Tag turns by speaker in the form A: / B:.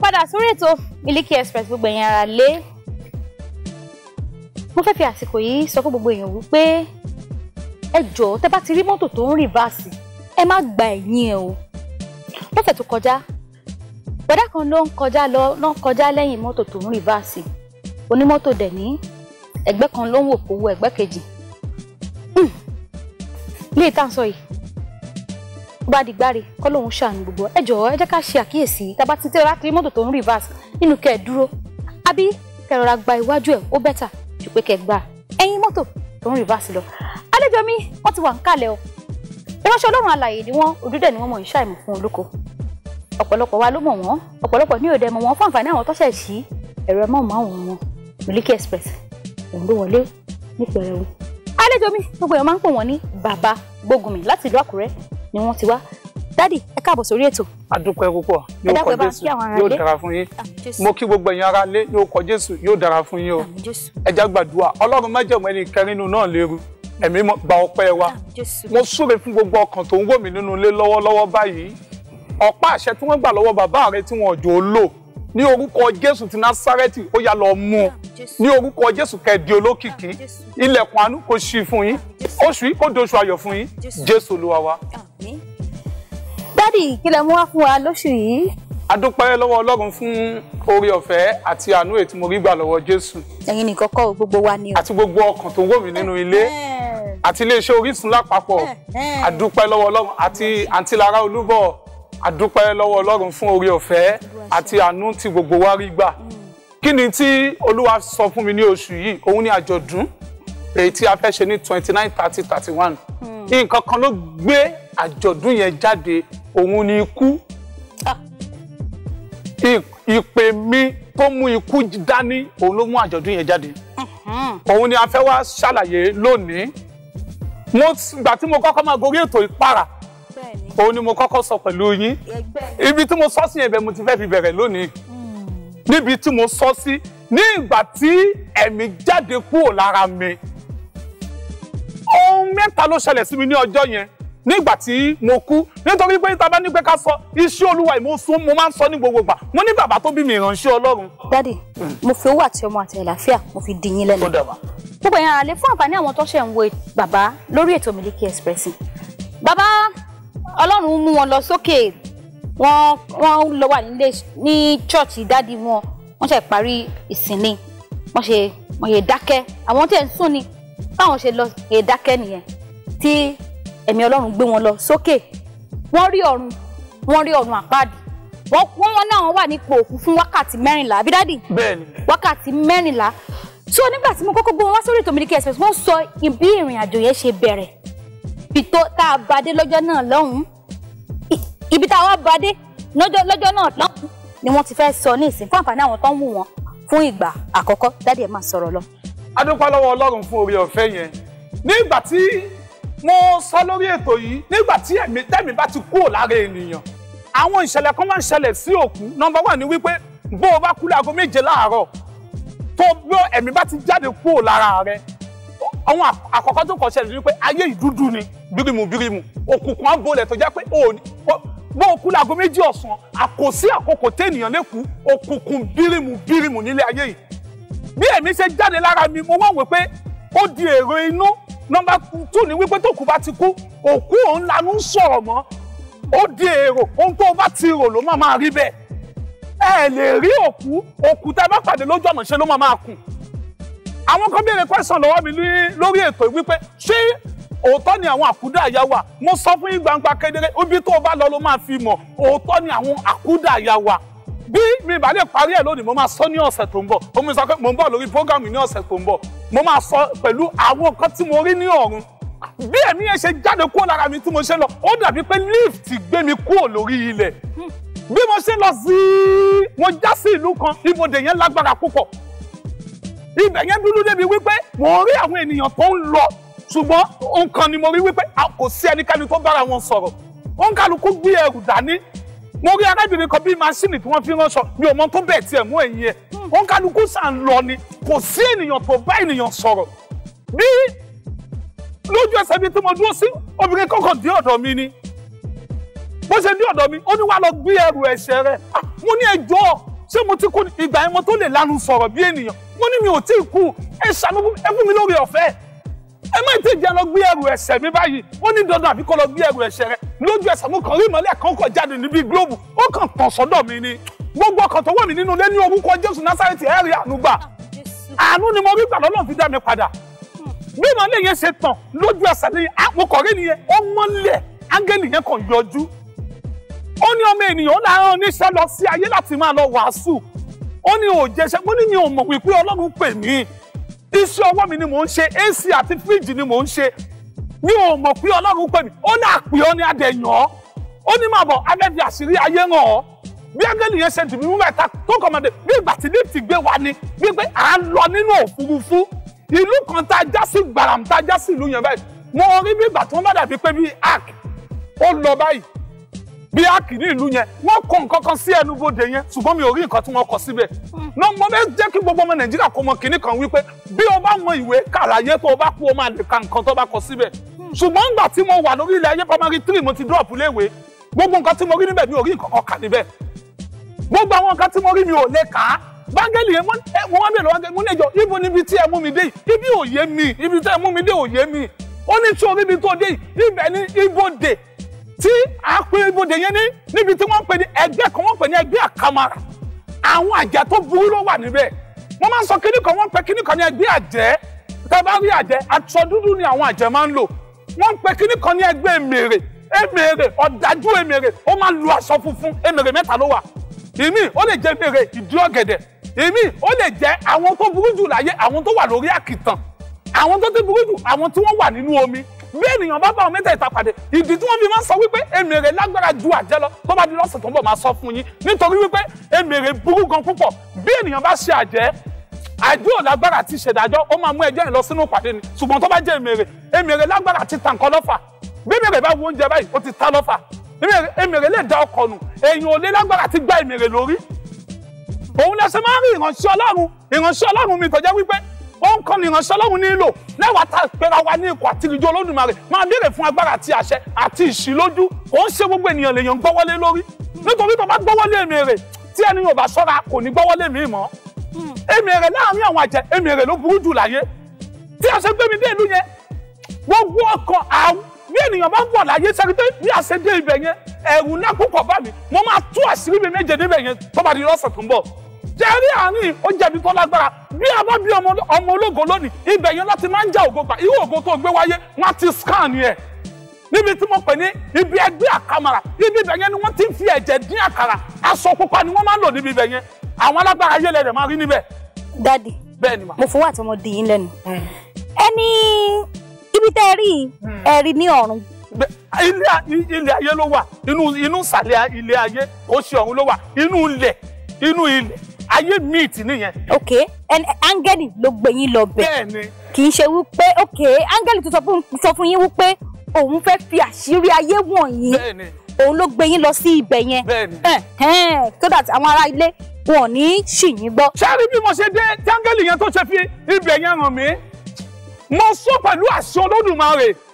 A: padà sórí ètò Miliki Express gbogbo ẹ̀yin ara lé mo fẹ́ fi àsìkò yìí sọ fún gbogbo èèyàn wípé ẹ jọ̀ọ́ tẹ́ bá ti rí mọ́tò tó ń rìvásì ẹ má gba ẹ̀yìn ẹ o lọ́sẹ̀ tó kọjá bọ̀dá kan ló ń kọjá lọ ló ń kọjá lẹ́yìn mọ́tò tó ń rìvásì onímọ́tò dẹ̀ ní ẹgbẹ́ kan ló ń wò kówó ẹgbẹ́ kejì ilé hmm. ìtànsọ yìí bá di gbáre kọ́ lòun ṣàánú gbogbo ẹ jọ̀ọ́ ẹ jẹ́ ká ṣe àkíyèsí tàbá ti tẹ́ra kiri mọ́tò tó ń reverse nínú kẹ́ ẹ dúró àbí kẹrọra gba iwájú ẹ ó bẹ́tà ju pé kẹ́ gba ẹ̀yìn mọ́tò tó ń reverse lọ. àlejò mi wọ́n ti wà ń kalẹ̀ o ìránṣẹ́ ọlọ́run alààyè ni wọ́n òdúdẹ̀ ni wọ́n mọ̀ ń ṣàìmọ̀ fún olóko ọ̀pọ̀lọpọ̀ wa ló mọ̀ wọ́n ọ̀pọ̀lọpọ̀ ní òde mọ̀ wọ́n fún àǹfààní àwọn tọ́ṣẹ̀ sí ẹ̀rọ mọ́ọ̀mọ́ọ̀hún wọn Miliki Express òun ló wọlé nípẹ̀rẹ̀ wọn. àlejò mi gbogbo èèyàn máa ń pè wọ́n ní bàbá gbógunmi láti ni wọ́n ti wá dádì ẹ káàbọ̀ sórí ètò. a dúpẹ́ púpọ̀ yóò kọ jésù yóò dára
B: fún yín ah, mo kí gbogbo ẹ̀yin ará lé yóò kọ jésù yóò dára fún yín o ah, ẹ já gbàdúrà ọlọ́run má jẹ̀mọ́ ẹni kẹrinu náà léru ẹ̀mí gba ọpẹ́ wa ah, mo súre fún gbogbo ọkàn tó ń wò mí nínú ilé lọ́wọ́lọ́wọ́ báyìí ọ̀pá àṣẹ tí wọ́n gbà lọ́wọ́ bàbá rẹ tí wọ́n jò ó lò ní orúkọ jésù ti násárẹ́tì ó yá lọ mú un ní orúkọ jésù kẹdí olókìkí ilẹ̀kùn àánú kò ṣí fún yín oṣù yìí kò doṣù ayọ̀ fún yín jésù olúwa wa.
A: dádì kí lẹ mú wá fún wa lóṣù yìí. a dúpẹ́ lọ́wọ́
B: ọlọ́run fún oore ọ̀fẹ́ àti àánú ètí mo rí gbà lọ́wọ́ jésù.
A: ẹ̀yin nìkan kọ́ gbogbo wa ni o.
B: àti gbogbo ọkàn tó ń wò mí nínú ilé àti iléeṣẹ́ orísun lápapọ̀ a dúpẹ́ lọ́wọ́ ọlọ́run àti àǹtí lára olúbọ̀ a dúpẹ́ lọ́wọ́ ọlọ́run fún oore ọ̀fẹ́ àti àánú tí gbogbo wa rí gbà. Mm kí ni tí olúwa sọ fún mi ní oṣù yìí òun ni àjọ̀dún èyí tí a fẹ́ ṣe ní twenty nine thirty thirty one hmm. nǹkan kan ló gbé àjọ̀dún yẹn jáde òun ni ikú ah. ìpè mi tó mú ikú dání òun ló mú àjọ̀dún yẹn jáde
A: uh-huh.
B: òun ni a fẹ́ wá ṣàlàyé lónìí mo gbà tí mo kọ́kọ́ máa gorí ètò ìpara òun ni mo kọ́kọ́ sọ pẹ̀lú yín ibi tí mo sọ sí yẹn bẹ́ẹ̀ mo ti fẹ́ fi bẹ̀rẹ̀ lónìí níbi tí mo sọ sí ní ìgbà tí ẹ̀mí jáde kúrò lára mi ohun mẹ́ta ló ṣẹlẹ̀ sí mi ní ọjọ́ yẹn nígbà tí mo kú nítorí pé tá bá ní pé ká sọ iṣẹ́ olúwa ìmọ̀sùn mo máa ń sọ ní gbogbo ìgbà mo ní bàbá tó bí mi ìránṣẹ́ ọlọ́run.
A: dádì mo fi owó àti ọmọ àti àlàáfíà mo fi dìyín lẹ́nu. gbogbo èèyàn àlè fún àǹfààní àwọn tó ṣe ń wo bàbá lórí ètò Miliki Express. bàbá ọlọ́run mú wọn lọ sókè wọ́n wọ́n lọ wà nílé ní chọ́ọ̀chì dáàdi wọn wọ́n ṣe parí ìsìnlẹ̀ wọ́n ṣe wọ́n ṣe dákẹ́ àwọn tí ẹ̀ ń sùn ni báwọn ṣe lọ ṣe dákẹ́ nìyẹn tí ẹ̀mí ọlọ́run gbé wọn lọ sókè wọ́n rí ọ̀run wọ́n rí ọ̀run àpáàdì wọ́n wọ́n náà wọ́n wà nípò òkú fún wákàtí mẹ́rìnlá àbí dáàdi bẹ́ẹ̀ni wákàtí mẹ́rìnlá so nígbà tí mo kọ́kọ́ gbé wọn wá sórí Tomiliki Express wọ́n sọ bí ìrìn àjò yẹn ṣe bẹ̀rẹ̀ bí tó tá a bá dé lọ́jọ́ náà lọ́hùn ibi táwọn bá dé lọ́jọ́ náà lọ́kùn ni wọ́n ti fẹ́ sọ ní ìsìn fún àǹfààní àwọn tó ń wù wọ́n fún ìgbà àkọ́kọ́ dáàdì ẹ̀ máa sọ̀rọ̀ lọ. a
B: lọ́wọ́ ọlọ́run fún oore ọ̀fẹ́ yẹn nígbà tí mo sọ lórí ètò yìí nígbà tí ẹ̀mí tẹ̀mí bá ti kúrò lára ènìyàn àwọn ìṣẹ̀lẹ̀ kan máa ń ṣẹlẹ̀ sí òkú nọ́mbà wà ní wípé bó o bá kú láago méje láàárọ̀ tó bí ẹ̀mí bá ti jáde kúrò lára rẹ àwọn àkọ́kọ́ tó kọ́ ṣẹlẹ̀ ni wípé ayé ìdúdú ni bírímù bírímù òkùnkùn á bolẹ̀ tó jẹ́ pé bó o kú láago méjì ọ̀sán àkòsí àkókò téèyàn lè kú òkùnkùn bírímù bírímù nílé ayé yìí bí èmi ṣe jáde lára mi mo wọ́n wò pé ó di èrò inú nọ́mbà tù ní wípé tókù bá ti kú òkú òun lanú sọ̀rọ̀ mọ́ ó di èrò ohun tó bá ti rò ló máa máa rí bẹ́ẹ̀ ẹ lè rí òkú òkú tá a bá pàdé lójú ọ̀nà ṣe ló máa máa kù àwọn kan béèrè question lọ́wọ́ mi lórí ètò wípé ṣé òótọ́ ni àwọn àkúdàáyá wà mo sọ fún yín gbangba kedere ibi tó o bá lọ ló máa fi mọ̀ òótọ́ ni àwọn àkúdàáyá wà bí mi bá lè parí ẹ̀ lónìí mo máa sọ ní ọ̀sẹ̀ tó ń bọ̀ ó mi sọ pé mo ń bọ̀ lórí program ní ọ̀sẹ̀ tó ń bọ̀ mo máa sọ pẹ̀lú àwọn kan tí mo rí ní ọ̀run bí ẹ̀mí yẹn ṣe jáde kúrò lára mi tí mo ṣe lọ ó dàbí pé lift gbé mi kúrò lórí ilẹ̀ bí mo ṣe lọ sí mo já sí ìlú kan ibodè yẹn lágbára púpọ̀ ibẹ̀ yẹn dúdú débi wípé mo rí àwọn ènìyàn tó ń lọ ṣùgbọ́n nǹkan ni mo rí wípé kò sí ẹnikẹ́ni tó bára wọn sọ̀rọ̀ wọn kálukú gbé ẹrù dání mo rí arábìnrin kan bíi masini tí wọ́n fi ránṣọ mi ò mọ tó bẹ́ẹ̀ tiẹ̀ mú ẹ̀yìn ẹ̀ wọn kálukú sàn lọ ni kò sí ènìyàn tó bá ènìyàn sọ̀rọ̀ bí lójú ẹsẹ̀ bíi tí mo dúró sí obìnrin kọ̀ọ̀kan dé ọ̀dọ̀ mi ni bó ṣe dé ọ̀dọ̀ mi ó ní wàá lọ gbé ẹrù ẹ̀ṣẹ̀ rẹ̀ mo ní ẹjọ́ ṣé mo ti kú ìgbà yẹn mo tó lè lanu sọ̀rọ̀ bí ènìyàn mo ní mi ò tí ì kú ẹ ṣàánú ẹ fún mi lórí ọ̀fẹ́ ẹ má ti jẹ́ lọ gbé ẹrù ẹ̀ṣẹ̀ mi báyìí ó ní dandan àbí kó lọ gbé ẹrù ẹ̀ṣẹ̀ rẹ lójú ẹsẹ̀ mo kàn rí ìmọ́lẹ̀ kan kọ̀ jáde níbi gílóòbù ó kàn tàn sọ́dọ̀ mi ni gbogbo ọkàn tó wọ̀ mí nínú ilé ní orúkọ Jésù Násárẹ́tì ẹ rí àánú gbà àánú ni mo rí gbà lọ́nà fi dá mi padà bí ìmọ́lẹ̀ yẹn ṣe tàn lójú ẹsẹ̀ ni mo kàn rí nìyẹn ó mọ́lẹ̀ áńgẹ́lì yẹn kàn yọjú ó ní ọmọ ènìyàn láàárọ̀ níṣẹ́ lọ sí ayé láti máa lọ wàásù ó ní òjẹṣẹ́ mo ní mi ò mọ̀ wípé Ọlọ́run pè mí iṣẹ́ ọwọ́ mi ni mò ń ṣe ac àti fíríjì ni mò ń ṣe mi ò mọ̀ pé ọlọ́run pè mí ó ní àpè ọ́ ní adẹ̀yàn ó ní màbọ̀ abẹ́bí àṣírí ayé hàn ọ́ bí ángẹ́lì yẹn ṣe dìbò mímọ́ ẹ̀ta tó kọ́ ọmọdé bí ìgbà tí lift gbé wa ni gbígbé à ń lọ nínú òfurufú ìlú kan tá a já sí gbàràm tá a já sí ìlú yẹn báyìí mo rí bí ìgbà tí wọ́n bá dàbí pé bí ark ó lọ báyìí bíákì ní ìlú yẹn wọ́n kọ nǹkan kan sí ẹnu bóde yẹn ṣùgbọ́n mi ò rí nǹkan tí wọ́n kọ síbẹ̀ náà mo bẹ́ẹ̀ jẹ́ kí gbogbo ọmọ nàìjíríà kó mọ kìnní kan wípé bí o bá mọ ìwé kàlàyé tó o bá kú o máa lè ka nǹkan tó bá kọ síbẹ̀ ṣùgbọ́n ńgbà tí mo wà lórí ilẹ̀ ayé primary three mo ti drop léwe gbogbo nǹkan tí mo rí níbẹ̀ mi ò rí nǹkan kan kà níbẹ̀ gbogbo àwọn nǹkan tí mo rí mi ò lè kà á báńgẹ́lì yẹn mo wá bẹ̀rẹ̀ wáńgẹ́lì mo ní ibo níbi tí ẹ mú mi dé ibi ò mi ibi tí ẹ mú mi dé ò mi ó ní tí orí tó dé ibẹ̀ ní ibodè tí a pe ibodè yẹn ní níbi tí wọ́n ń pè ní ẹgbẹ́ kan wọ́n ń pè ní ẹgbẹ́ àkàmàrà àwọn àjà tó burú ló wà níbẹ̀ wọ́n máa ń sọ kíní kan wọ́n ń pè kíní kan ní ẹgbẹ́ àjẹ́ tá a bá rí àjẹ́ aṣọ dúdú ni àwọn àjẹ́ máa ń lò wọ́n ń pè kíní kan ní ẹgbẹ́ èmèrè èmèrè ọ̀dájú èmèrè ó máa ń lo aṣọ funfun èmèrè mẹ́ta ló wà ìmí ó lè jẹ́ èmèrè ìdí ọ̀gẹ̀dẹ̀ ìmí ó lè jẹ́ àwọn tó burú jù láyé àwọn tó wà lórí àkìtàn àwọn tó ti burú jù àwọn tí wọ́n wà nínú omi bí ènìyàn bá bá àwọn mẹ́tẹ̀ẹ̀ta pàdé ìdí tí wọ́n fi máa ń sọ wípé èmèrè lágbára ju àjẹ́ lọ tó bá di lọ́sẹ̀ tó ń bọ̀ máa sọ fún yín nítorí wípé èmèrè burú gan púpọ̀ bí ènìyàn bá ṣe àjẹ́ àjọ lágbára àti ìṣèdájọ́ ó máa mú ẹjọ́ yẹn lọ sínú ìpàdé ni ṣùgbọ́n tó bá jẹ́ èmèrè èmèrè lágbára àti tàǹkọ́ lọ́fà bí èmèrè bá wo oúnjẹ báyìí ó ti ta lọ́fà èmèrè lè da ọkọ̀ nù èèyàn ò lè lágbára àti gba èmèrè lórí òun lẹ máa ń rí ìránṣẹ́ Ọlọ́run ìránṣẹ́ Ọlọ́run mi tó wípé òǹkànnìyàn sọlọ́run nílò lẹ́wàá tá a pera wa ní ikọ̀ àtìrìjọ olódùmarè máa béèrè fún agbára àti àṣẹ àti ìṣílójú kò ń ṣe gbogbo ènìyàn lèèyàn gbọ́wọ́lé lórí nítorí tó bá gbọ́wọ́lé èmi rè tí ẹni yóò bá ṣọ́ra kò ní gbọ́wọ́lé mi mọ́ hmm. èmi rè láàrin àwọn àjẹ èmi rè ló burú jù láyé tí a ṣe gbé mi dé ìlú yẹn gbogbo ọkàn àwọn bí ènìyàn bá ń bọ̀ láyé sẹ́ni pé bí a ṣe dé ibẹ̀ yẹn ẹ̀rù náà kúkọ̀ bá mi mo máa tú àṣírí mi méje níbẹ̀ yẹn tó bá di lọ́sẹ̀ tó ń bọ̀ tẹ́rí àárín oúnjẹ ibi tó lágbára bí a bá bí ọmọ ológo lónìí ibẹ̀ yẹn láti máa ń já ògo gbà irú ògo tó gbé wáyé wọ́n ti scan yẹ níbi tí mo pè ní ibi ẹgbẹ́ àkàmàrà ibi ibẹ̀ yẹn ni wọ́n ti ń fi ẹ̀jẹ̀ dín àkàrà aṣọ pupa ni wọ́n máa ń lò níbi
A: ibẹ̀ yẹn àwọn alágbára ayé lẹ̀ máa rí níbẹ̀. dadi mo fún wa tí mo di hmm. ẹni ibi tẹ́ ẹ rí hmm. ẹ rí ní ọ̀run
B: ilé ayé ló wà inú ìsàlẹ̀ ilé ayé kò sí ọ̀run ló wà inú ilẹ̀ inú ilẹ̀ ayé míì tì nìyẹn. ok
A: áńgẹ́lì ló gbé yín lọ bẹ̀. bẹ́ẹ̀ni. kì í ṣe wípé ok áńgẹ́lì tó sọ fún yín wípé òun fẹ́ fi àṣírí ayé wọ̀nyí. bẹ́ẹ̀ni. òun ló gbé yín lọ sí ibẹ̀ yẹn. bẹ́ẹ̀ni. so that àwọn ará ilé wọn ò ní ṣì yín gbọ́. sáré bí mo ṣe dé áńgẹ́lì yẹn tó ṣe fi ibẹ̀ yẹn hàn mí
B: mo sọ pẹ̀lú àṣọ Olódùmarè